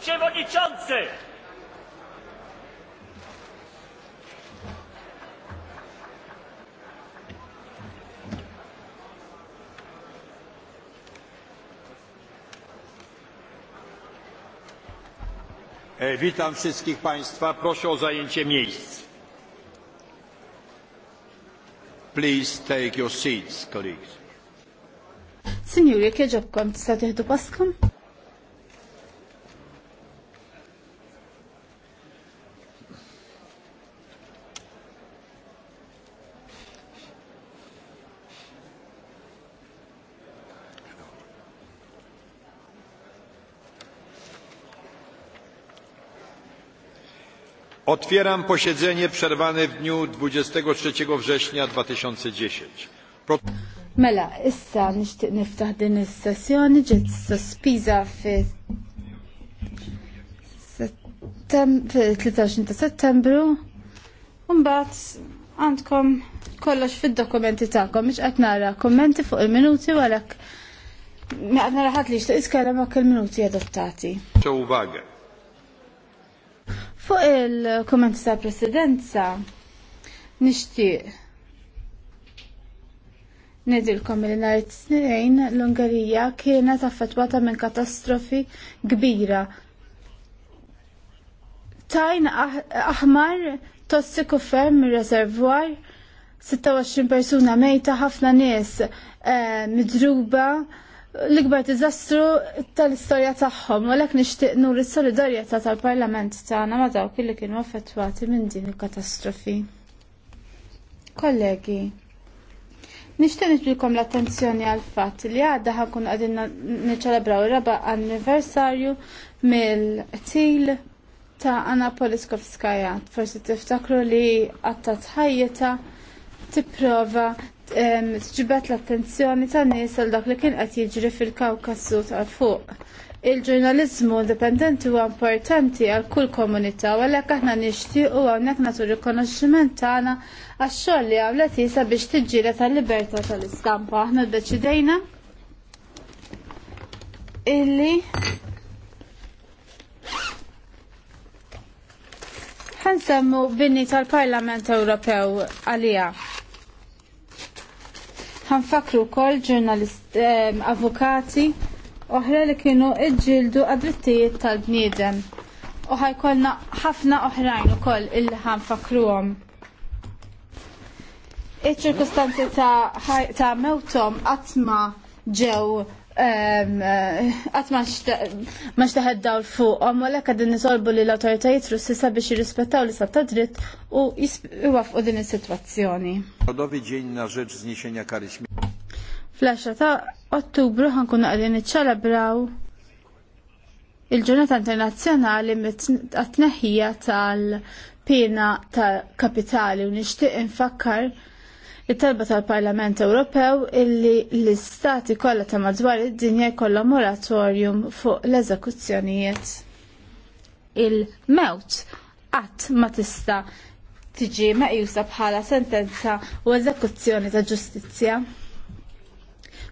przewodniczący! E, witam wszystkich Państwa. Proszę o zajęcie miejsc. Please take your seats, colleagues. Signori, che job kom tista' tieħdu paskom? Otwieram posiedzenie przerwane w dniu 23 września 2010. Mela, issa nixtieq niftaħ din is-sessjoni ġiet sospiża fi 23 ta' Settembru u mbagħad għandkom kollox fid-dokumenti tagħkom biex qed nara kommenti fuq il-minuti walek ma mela, qed nara ħadd li jixtieq jitkellem il-minuti adottati. Fuq il-komment ta' presidenza, nishtiq Nedilkom li nhar snin l-Ungerija kienet affettwata minn katastrofi kbira. Tajn ah-, aħmar tossiku ferm reservwar 26 persuna mejta ħafna nies eh, midruba l-ikbar diżastru tal-istorja tagħhom u lek nixtieq nur is-solidarjetà tal-Parlament tagħna ma' dawk li kienu affettwati minn din il-katastrofi. Kollegi, nixtieq nitbilkom l-attenzjoni għal fatt li għadda ħankun qegħdin niċċelebraw ir-raba' anniversarju mill-qtil ta' Anna Poliskovskaja. Forsi tiftakru li għatta' tħajjeta tipprova tġibet l-attenzjoni ta' nies għal dak li kien qed jiġri fil-Kawkassu ta' fuq. Il-ġurnalizmu indipendenti huwa importanti għal kull komunità u għalhekk aħna nixtiequ hawnhekk nagħtu rikonoxximent tagħna għax-xogħol li għamlet isa biex tiġġieled tal-libertà tal-istampa. Aħna ddeċidejna illi ħansemmu binni tal-Parlament Ewropew għalija ħanfakru wkoll ġurnalist avukati oħra li kienu iġġieldu għadrittijiet tal-bniedem. U kolna ħafna oħrajn ukoll illi għom. Iċ-ċirkustanzi ta' mewtom qatt ma ġew għat eh, maċ taħeddaw l-fuq, għom għalek għadin nisolbu li l-autoritajiet sissa biex jirrispettaw li sabta dritt u jwafqu din il-situazzjoni. Rodowi ġin na rzecz zniesienia kary Flasha ta' ottubru ħankun għadin iċċelebraw il-ġurnata internazzjonali mit-tneħija tal-pina tal-kapitali u nixtieq infakkar it-talba tal-Parlament Ewropew illi l-istati kollha ta' madwar id-dinja jkollhom moratorium fuq l-eżekuzzjonijiet. Il-mewt qatt ma tista' tiġi meqjusa bħala sentenza u eżekuzzjoni ta' ġustizzja.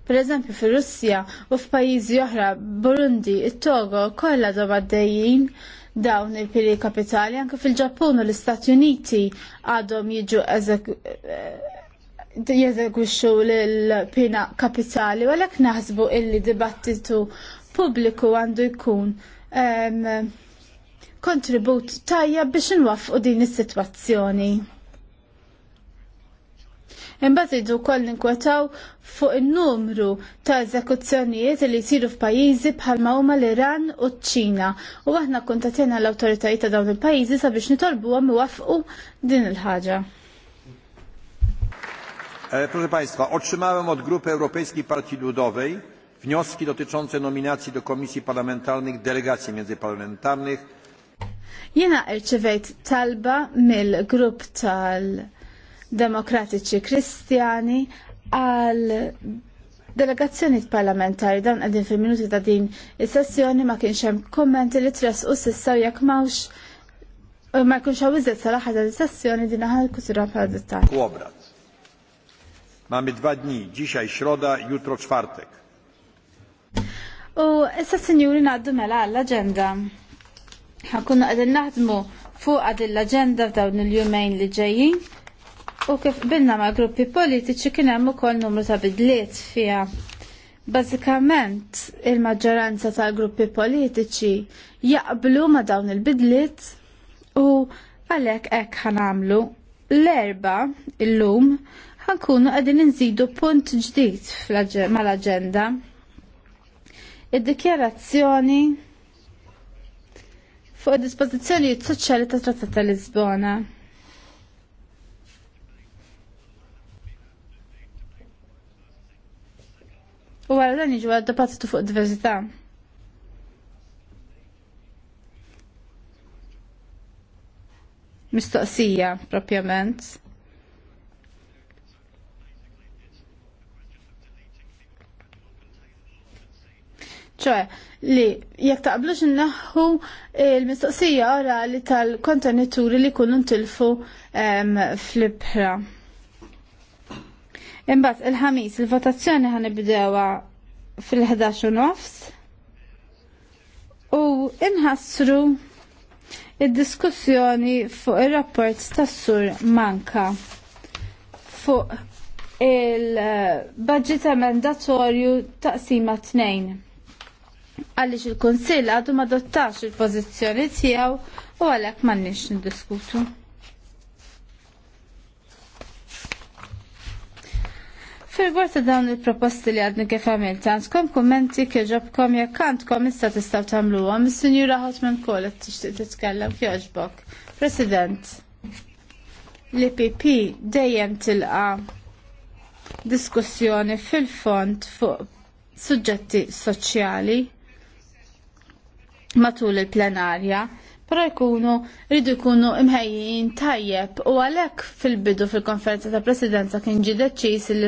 Per eżempju fir-Russja u f'pajjiżi oħra Burundi, it-Togo kollha doba dejjin dawn il-piri kapitali anke fil-Ġappun u l-Istati Uniti għadhom jiġu jeżegwixxu l-pina kapitali, u għalhekk naħsbu illi dibattitu pubbliku għandu jkun kontribut tajja biex nwaffqu din is-sitwazzjoni. Imbagħad idu wkoll ninkwetaw fuq in-numru ta' eżekuzzjonijiet li jsiru f'pajjiżi bħalma huma l-Iran u ċ-Ċina u aħna kuntatjena l-awtoritajiet ta' dawn il-pajjiżi sabiex nitolbuhom iwaffqu din il-ħaġa. E, proszę Państwa, otrzymałem od Grupy Europejskiej Partii Ludowej wnioski dotyczące nominacji do komisji parlamentarnych delegacji międzyparlamentarnych. Jena irċivejt talba mill-grupp tal-Demokratiċi Kristjani għal delegazzjoni parlamentari dan għadin fil-minuti ta' din is-sessjoni ma kienx hemm kommenti li tres u sissa jekk mawx ma jkunx hawn iżda sal-aħħar tal-sessjoni din aħna l-kusura bħala dettal. Mamy dwa dni, dzisiaj środa, jutro czwartek. U issa sinjuri naddu mela għall-agenda. Ħakunna għadin naħdmu fuq għadin l-agenda f'dawn il-jumejn li ġejjin u kif binna ma' gruppi politiċi kien hemm ukoll numru ta' bidliet fiha. Bażikament il-maġġoranza tal gruppi politiċi jaqblu ma' dawn il-bidliet u għalhekk hekk ħanamlu l-erba illum għankunu għadin nżidu punt ġdid mal-agenda. Id-dikjarazzjoni fuq id-dispożizzjonijiet soċjali ta' Trattat ta' Lisbona. U għal dan iġu għadda pazzitu fuq diversità. Mistoqsija, propjament. ċoħe li jek taqblux naħu il-mistoqsija orali tal-kontenituri li kunu ntilfu fl-ibħra. Imbat, il-ħamis, il-votazzjoni ibdewa fil-11 nofs u inħassru il diskussjoni fuq il-rapport tas-sur manka fuq il-budget emendatorju taqsima 2 għaliex il-Kunsill għadu ma dottax il-pożizzjoni tiegħu u għalhekk m'għandniex niddiskutu. Fil-gwar ta' dawn il-proposti li għadni kif għamilt, għandkom kummenti kif ġobkom jekk għandkom issa tistgħu tagħmluhom, is-Sinjura ħotman Kolet tixtieq titkellem f'joġbok. President, l-IPP dejjem tilqa' diskussjoni fil-fond fuq suġġetti soċjali matul il-plenarja, però jkunu rridu jkunu imħejjin tajjeb u għalhekk fil-bidu fil-konferenza ta' presidenza kien ġi deċiż li